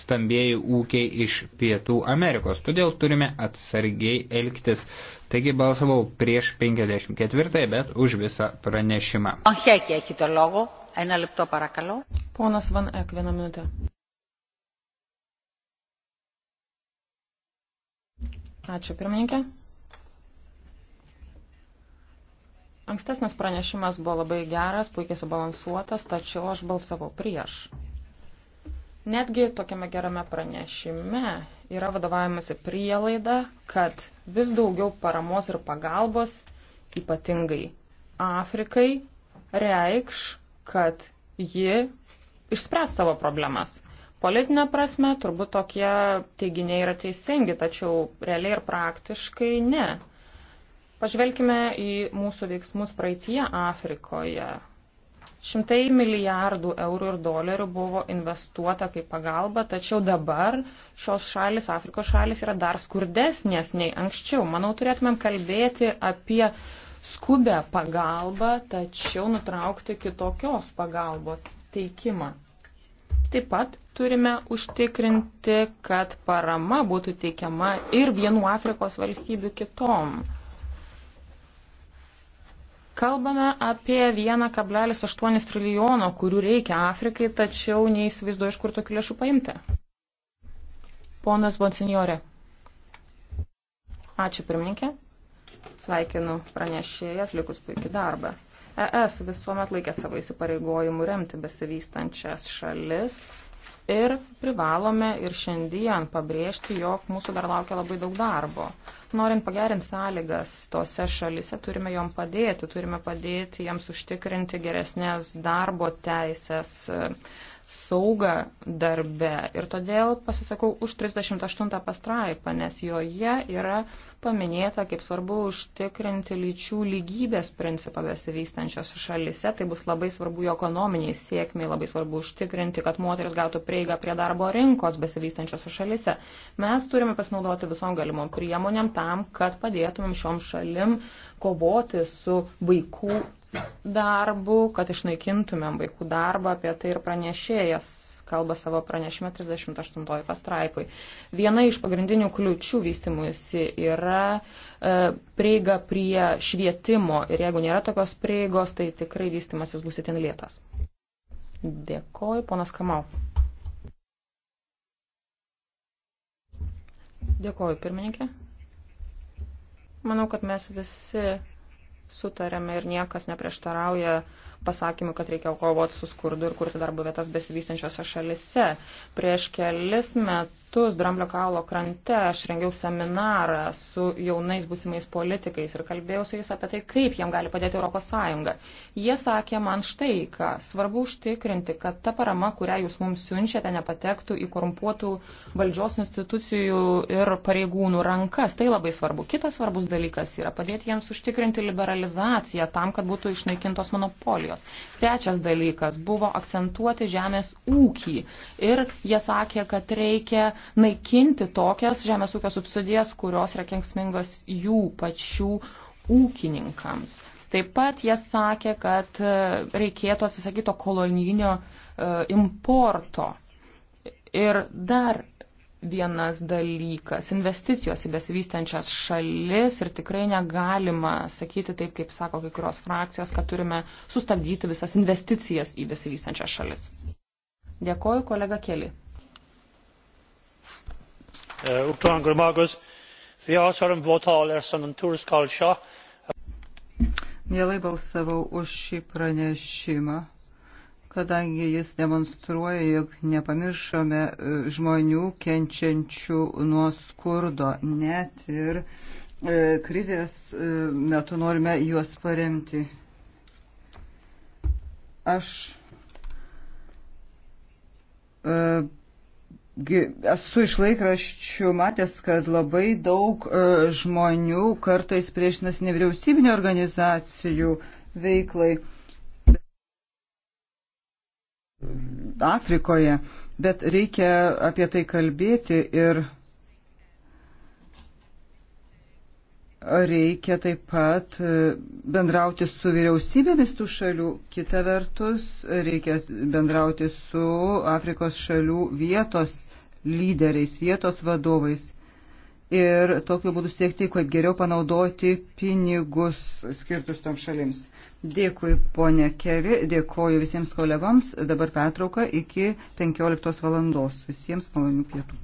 Speaker 2: stambėjai ūkiai iš Pietų Amerikos. Todėl turime atsargiai elgtis. Taigi balsavau prieš 54, bet už visą pranešimą.
Speaker 3: Ponas Van Ek, vieną minutę. Ačiū, pirmininkė. Ankstesnis pranešimas buvo labai geras, puikiai subalansuotas, tačiau aš balsavau prieš. Netgi tokiame gerame pranešime yra vadovavimasi prielaida, kad vis daugiau paramos ir pagalbos, ypatingai Afrikai, reikš, kad ji išspręs savo problemas. Politinė prasme turbūt tokie teiginiai yra teisingi, tačiau realiai ir praktiškai ne. Pažvelkime į mūsų veiksmus praeitie Afrikoje. Šimtai milijardų eurų ir dolerių buvo investuota kaip pagalba, tačiau dabar šios šalis, Afrikos šalis, yra dar skurdesnės nei anksčiau. Manau, turėtumėm kalbėti apie skubę pagalbą, tačiau nutraukti kitokios pagalbos teikimą. Taip pat turime užtikrinti, kad parama būtų teikiama ir vienų Afrikos valstybių kitom. Kalbame apie 1,8 trilijono, kurių reikia Afrikai, tačiau neįsivaizduoju, iš kur tokių lėšų paimti. Ponas Bonsignore. Ačiū pirmininkė. Sveikinu pranešėją atlikus puikį darbą. ES visuomet laikė savo įsipareigojimų remti besivystančias šalis ir privalome ir šiandien pabrėžti, jog mūsų dar laukia labai daug darbo norint pagerinti sąlygas tose šalise, turime jom padėti, turime padėti jiems užtikrinti geresnės darbo teisės, e, saugą darbe. Ir todėl pasisakau už 38 pastraipą, nes joje yra paminėta, kaip svarbu užtikrinti lyčių lygybės principą besivystančiose šalise. Tai bus labai svarbu jo ekonominiai sėkmiai, labai svarbu užtikrinti, kad moteris gautų prieigą prie darbo rinkos besivystančiose šalise. Mes turime pasinaudoti visom galimom priemonėm tam, kad padėtumėm šiom šalim kovoti su vaikų darbu, kad išnaikintumėm vaikų darbą, apie tai ir pranešėjas kalba savo pranešime 38 pastraipui. Viena iš pagrindinių kliučių vystimuisi yra e, prieiga prie švietimo ir jeigu nėra tokios prieigos, tai tikrai vystimasis bus itin lėtas. Dėkoju, ponas Kamau. Dėkoju, pirmininkė. Manau, kad mes visi sutarėme ir niekas neprieštarauja uh, pasakymų, kad reikia kovoti su skurdu ir kurti darbo vietas besivystančiose šalise. Prieš kelis metus metus Dramblio kaulo krante aš rengiau seminarą su jaunais būsimais politikais ir kalbėjau su jais apie tai, kaip jiem gali padėti ES. Jie sakė man štai, ką svarbu užtikrinti, kad ta parama, kurią jūs mums siunčiate, nepatektų į korumpuotų valdžios institucijų ir pareigūnų rankas. Tai labai svarbu. Kitas svarbus dalykas yra padėti jiems užtikrinti liberalizaciją tam, kad būtų išnaikintos monopolijos. Trečias dalykas buvo akcentuoti žemės ūkį. Ir jie sakė, kad reikia naikinti tokias žemės ūkio subsidijas, kurios yra kenksmingos jų pačių ūkininkams. Taip pat jie sakė, kad e, reikėtų atsisakyto kolonijinio e, importo. Ir dar vienas dalykas - investicijos į besivystančias šalis ir tikrai negalima sakyti taip, kaip sako kai kurios frakcijos, kad turime sustabdyti visas investicijas į besivystančias šalis. Dėkoju, kolega Keli.
Speaker 2: Eh,
Speaker 1: mielai balsavau už šį pranešimą kadangi jis demonstruoja jog nepamiršome eh, žmonių kenčiančių nuo skurdo net ir eh, krizės metu norime juos paremti aš esu iš laikraščių matęs, kad labai daug e, žmonių kartais priešinasi nevyriausybinio organizacijų veiklai Afrikoje, bet reikia apie tai kalbėti ir reikia taip pat e, bendrauti su vyriausybėmis tų šalių, kita vertus reikia bendrauti su Afrikos šalių vietos lyderiais, vietos vadovais ir tokiu būdu siekti, kaip geriau panaudoti pinigus skirtus tom šalims. Dėkui, ponė Keri, dėkoju visiems kolegoms. Dabar petrauka iki 15 valandos. Visiems malonių pietų.